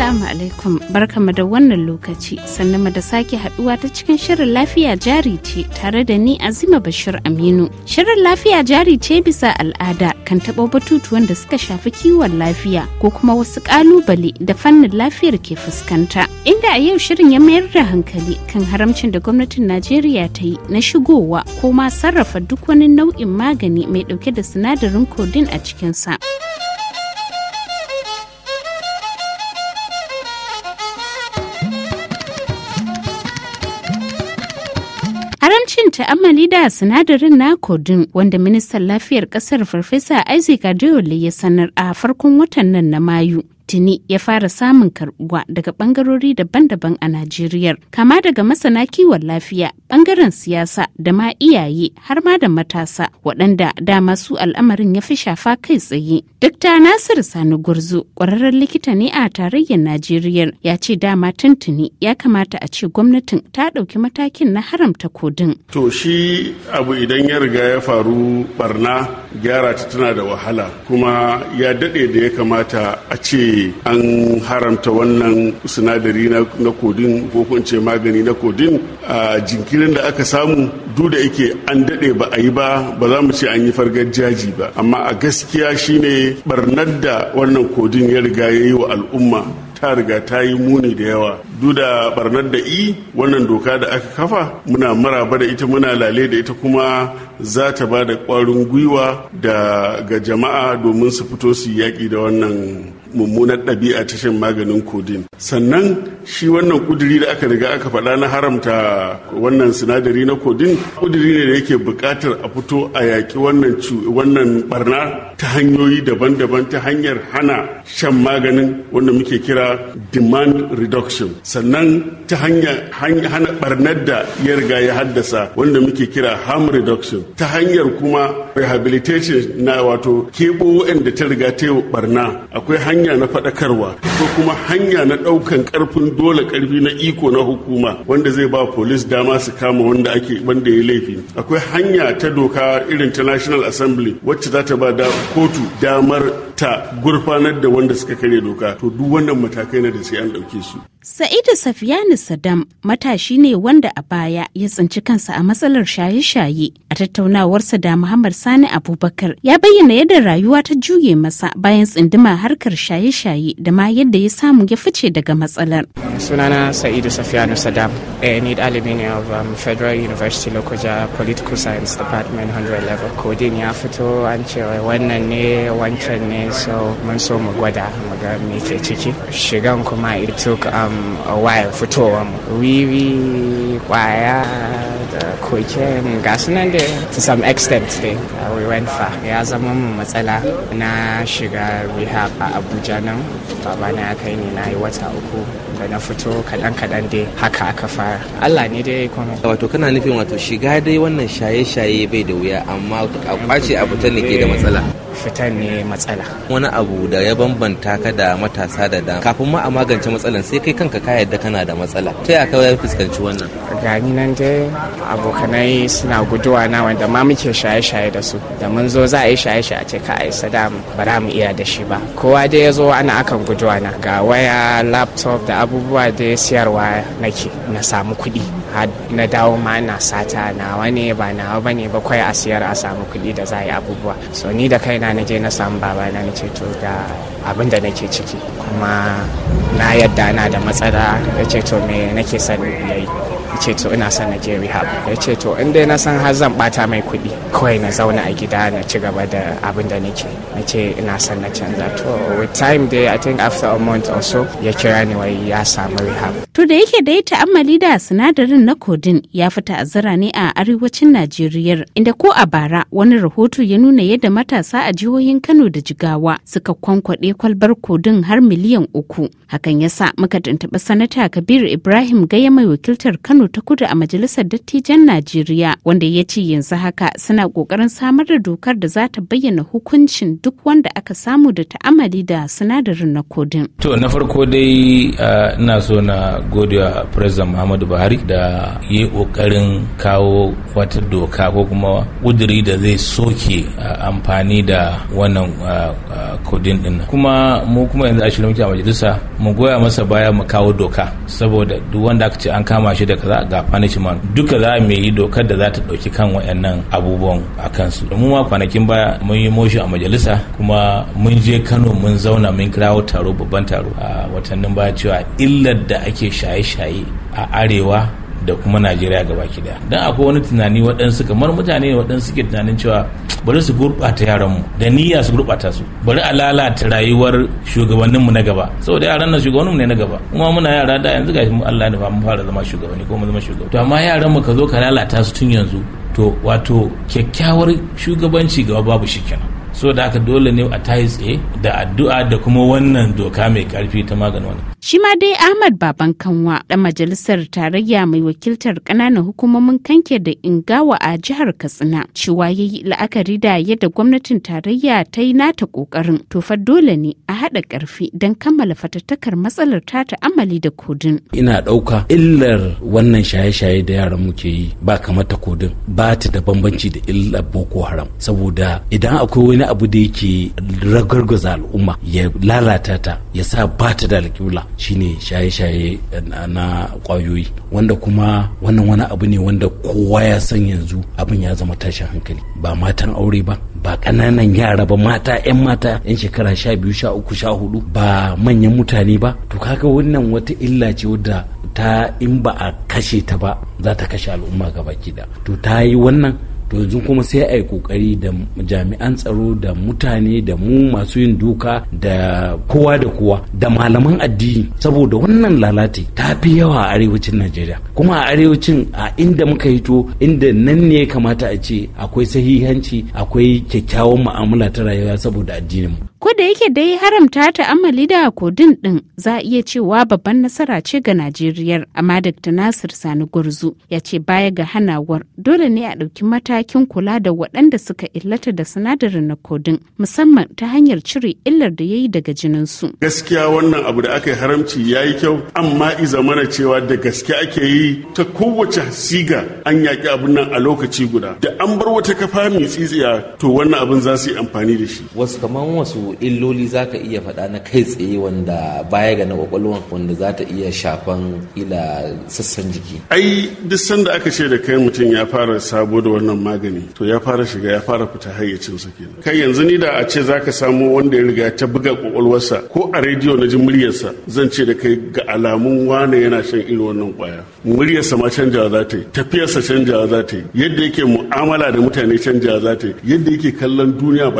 Assalamu alaikum barkamu da wannan lokaci sannan da sake haduwa ta cikin shirin lafiya jari ce tare da ni Azima Bashir Aminu. Shirin lafiya jari ce bisa al'ada kan taɓa batutuwan da suka shafi kiwon lafiya ko kuma wasu ƙalubale da fannin lafiyar ke fuskanta. Inda a yau shirin ya mayar da hankali kan haramcin da gwamnatin Najeriya ta yi na shigowa ko ma sarrafa duk wani nau'in magani mai ɗauke da sinadarin kodin a cikinsa. Haramcin ta'ammali da sinadarin na kodin wanda ministan lafiyar kasar Farfesa Isaac Adeola ya sanar a farkon watan nan na Mayu tini ya fara samun karbuwa daga bangarori daban-daban a Najeriya, kama daga masana kiwon lafiya, bangaren siyasa da ma iyaye har ma da matasa waɗanda dama su al'amarin ya fi shafa kai tsaye. Dokta nasiru Sani Gurzu, ƙwararren likita ne a tarayyar Najeriya, ya ce dama tuntuni ya kamata a ce gwamnatin ta ɗauki matakin na haramta kodin. To shi abu idan ya riga ya faru barna gyara ta tana da wahala kuma ya daɗe da ya kamata a ce an haramta wannan sinadari na kodin ko kun magani na kodin a jinkirin da aka samu duk da yake an daɗe ba a yi ba ba za mu ce an yi fargar jaji ba amma a gaskiya shine barnar da wannan kodin ya riga ya yi wa al'umma ta riga ta yi muni da yawa duk da barnar da i wannan doka da aka kafa muna maraba da ita muna lale da ita kuma za ta ba da kwarin gwiwa da ga jama'a domin su fito su yaƙi da wannan mummunar ɗabi'a ta shan maganin kodin sannan shi wannan kuduri da aka riga aka faɗa na haramta wannan sinadari na kodin kuduri ne da yake buƙatar a fito a yaƙi wannan wannan barna ta hanyoyi daban-daban ta hanyar hana shan maganin wanda muke kira demand reduction sannan ta hanyar hana barnar da ya riga ya haddasa wanda muke kira harm reduction ta hanyar kuma rehabilitation na wato keɓo waɗanda ta riga ta barna akwai hanyar hanya na faɗakarwa ko kuma hanya na ɗaukan ƙarfin dole ƙarfi na iko na hukuma wanda zai ba polis dama su kama wanda ake wanda ya laifi akwai hanya ta doka irin ta national assembly wacce za ta ba da kotu damar ta gurfanar da wanda suka karya doka to duk wannan matakai na da sai an ɗauke su Sa'idu Safiyanu Saddam matashi ne wanda a baya ya tsinci kansa a matsalar shaye-shaye a tattaunawarsa da Muhammad Sani Abubakar ya bayyana yadda rayuwa ta juye masa bayan tsindima harkar shaye-shaye da ma yadda ya samu ya fice daga matsalar. Sunana Sa'idu Safiyanu Saddam, a ni ɗalibi ne of um, Federal University Lokoja Political Science Department 111 Kodin ya fito an ce wannan ne wancan ne so mun so mu gwada mu ga ciki. Shigan kuma it took um, um, while fitowar wiwi kwaya da koken ga nan to some extent dai uh, we went far ya zama mu matsala na shiga rehab a uh, abuja nan babana ya kai na yi wata uku da na fito kaɗan kaɗan dai haka aka fara Allah ne dai kuma wato kana nufin wato shiga dai wannan shaye shaye bai da wuya amma a kwace a fitan ne ke da matsala fitan ne matsala wani abu da ya bambanta ka da matasa da dama kafin ma a magance matsalan sai kai kanka ka yadda kana da matsala ta ya fuskanci wannan gani nan dai abokanai suna guduwa na wanda ma muke shaye shaye da su da mun zo za a yi shaye shaye a ce ka ai da, ba za mu iya da shi ba kowa dai ya zo ana akan guduwa na ga waya laptop da abubuwa da ya siyarwa nake na samu kuɗi na dawo ma na sata nawa ne ba nawa ba ne bakwai a siyar a samu kuɗi da za a yi abubuwa so ni da kaina na je na samu baba na nake to da abin da nake ciki kuma na yadda na da matsala ya ceto to me nake son yayi ce to ina son na je rehab ya ce to in dai na san har zan bata mai kuɗi kawai na zauna a gida na ci gaba da abin da nake na ce ina son na canza to with time dai i think after a month or so ya kira ni wai ya samu rehab to da yake dai ta'ammali da sinadarin na kodin ya fi azara ne a arewacin najeriya inda ko a bara wani rahoto ya nuna yadda matasa a jihohin kano da jigawa suka kwankwaɗe kwalbar kodin har miliyan uku hakan yasa sa muka tuntuɓi sanata kabiru ibrahim gaya mai wakiltar kano Kano ta Kudu a Majalisar Dattijan Najeriya wanda ya ce yanzu haka suna kokarin samar da dokar da za ta bayyana hukuncin duk wanda aka samu da ta'amali da sinadarin na kodin. To na farko dai ina so na godewa President Muhammadu Buhari da yi kokarin kawo wata doka ko kuma kuduri da zai soke amfani da wannan kodin din. Kuma mu kuma yanzu a shirin a majalisa mu goya masa baya mu kawo doka saboda duk wanda aka ce an kama shi da za ga punishment duka za mu yi dokar da za ta ɗauki kan wayannan abubuwan a kansu mu ma kwanakin baya mun yi moshi a majalisa kuma mun je Kano mun zauna mun kirawo taro babban taro a watannin baya cewa illar da ake shaye-shaye a arewa da kuma najeriya gaba daya don akwai wani tunani waɗansu kamar mutane waɗansu suke tunanin cewa bari su gurɓata yaranmu da niyya su gurɓata su bari a lalata rayuwar shugabanninmu na gaba saboda yaran nan shugabanninmu ne na gaba kuma muna yara da yanzu ga mu Allah ne fa mu fara zama shugabanni ko mu zama shugabanni to amma yaranmu ka zo ka lalata su tun yanzu to wato kyakkyawar shugabanci gaba babu shi kenan so da haka dole ne a tayi tsaye da addu'a da kuma wannan doka mai karfi ta maganin wannan Shi ma dai Ahmad Baban Kanwa ɗan majalisar tarayya mai wakiltar kananan hukumomin kanke da Ingawa a jihar Katsina cewa ya yi la'akari da yadda gwamnatin tarayya ta yi nata ƙoƙarin tofar dole ne a haɗa ƙarfi don kammala fatattakar matsalar ta amali da kodin. Ina ɗauka illar wannan shaye-shaye da yaran muke yi ba kamar ta kodin ba ta da bambanci da illar Boko Haram saboda idan akwai wani abu da yake ragargaza al'umma ya lalata ta ya sa ba ta da alƙibla shine shaye-shaye na kwayoyi wanda kuma wannan wani abu ne wanda kowa ya san yanzu abin ya zama tashin hankali ba matan aure ba ba ƙananan yara ba mata 'yan mata 'yan shekara sha biyu sha uku sha hudu ba manyan mutane ba to kaka wannan wata illa ce wadda ta in ba a kashe ta ba za ta kashe al'umma gaba da to ta yi wannan to yanzu kuma sai a yi kokari da jami'an tsaro da mutane da mu masu yin doka da kowa da kowa da malaman addini saboda wannan lalati ta fi yawa a arewacin najeriya kuma a arewacin a inda muka hito inda nan ne ya kamata a ce akwai sahihanci akwai kyakkyawan mu'amala ta rayuwa saboda addinin mu Ko da yake dai haramta ta'ammali da kodin ɗin za a iya cewa babban nasara ce ga Najeriya amma Dr. Nasir Sani Gurzu ya ce baya ga hanawar dole ne a ɗauki matakin kula da waɗanda suka illata da sinadarin na kodin musamman ta hanyar cire illar da ya yi daga su. Gaskiya wannan abu da aka yi haramci ya yi kyau, amma i zamana cewa da gaske ake yi ta kowace siga an yaƙi abin nan a lokaci guda. Da an bar wata kafa mai tsitsiya to wannan abin za su yi amfani da shi. Wasu kaman wasu illoli za ka iya faɗa na kai tsaye wanda baya ga na kwakwalwan wanda za ta iya shafan ila sassan jiki ai duk sanda aka ce da kai mutum ya fara sabo da wannan magani to ya fara shiga ya fara fita hayyacinsa kenan kai yanzu ni da a ce za ka samu wanda ya riga ta buga kwakwalwarsa ko a rediyo na ji muryarsa zan ce da kai ga alamun wane yana shan irin wannan kwaya muryarsa ma canjawa za ta yi tafiyarsa canjawa za ta yi yadda yake mu mu'amala da mutane canja za ta yi yadda yake kallon duniya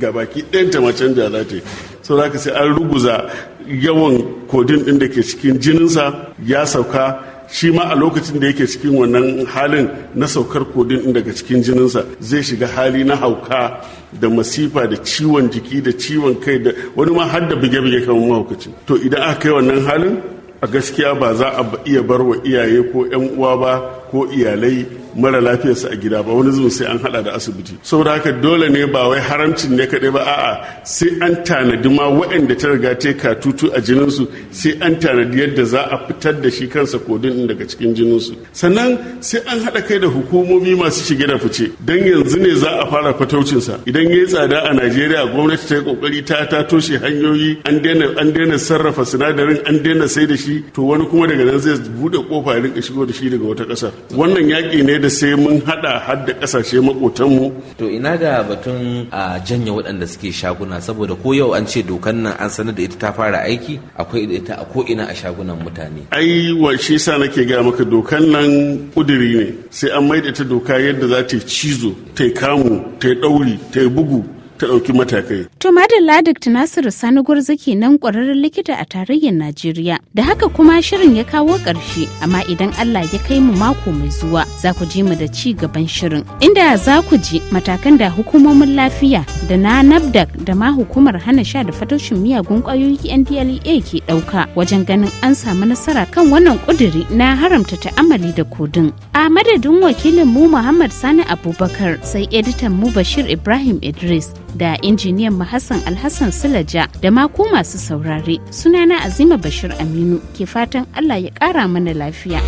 ga baki ɗayanta ma canja za ta yi sau sai an ruguza yawan kodin ɗin da ke cikin jininsa ya sauka shi ma a lokacin da yake cikin wannan halin na saukar kodin ɗin daga cikin jininsa zai shiga hali na hauka da masifa da ciwon jiki da ciwon kai da wani ma har da bige-bige kamar mahaukaci to idan aka kai wannan halin a gaskiya ba za a iya bar wa iyaye ko 'yan uwa ba ko iyalai mara lafiyarsa a gida ba wani zuwa sai an hada da asibiti saboda haka dole ne ba wai haramcin ne kadai ba a'a sai an tanadi ma waɗanda ta riga ta tutu a jinin su sai an tanadi yadda za a fitar da shi kansa kodin daga cikin jinin su sannan sai an haɗa kai da hukumomi masu shige da fice dan yanzu ne za a fara fataucinsa idan yayi tsada a najeriya gwamnati ta yi kokari ta ta toshe hanyoyi an daina an daina sarrafa sinadarin an daina sai da shi to wani kuma daga nan zai buɗe kofa ya rinka shigo da shi daga wata kasa wannan yaki ne da da sai mun hada har da kasashe makotanmu. To ina ga batun a janye waɗanda suke shaguna saboda ko yau an ce dokan nan an sanar da ita ta fara aiki akwai da ita a ko ina a shagunan mutane. Ai wa shi sa nake ga maka dokan nan kuduri ne sai an maida ta doka yadda za ta yi cizo ta kamu ta ɗauri ta bugu ta ɗauki matakai. To Madalla Dr. Nasiru Sani Gwarzaki nan ƙwararren likita a tarayyar Najeriya. Da haka kuma shirin ya kawo ƙarshe amma idan Allah ya kai mu mako mai zuwa za ku ji mu da ci gaban shirin. Inda za ku ji matakan da hukumomin lafiya da na NAFDAC da ma hukumar hana sha da fatoshin miyagun ƙwayoyi NDLEA ke ɗauka wajen ganin an samu nasara kan wannan ƙuduri na haramta ta'amali da kudin. A madadin wakilin mu Muhammad Sani Abubakar sai editan mu Bashir Ibrahim Idris da injiniyan mu Hassan Alhassan sulaja da mako ku masu saurare. Sunana Azima Bashir Aminu ke fatan Allah ya kara mana lafiya.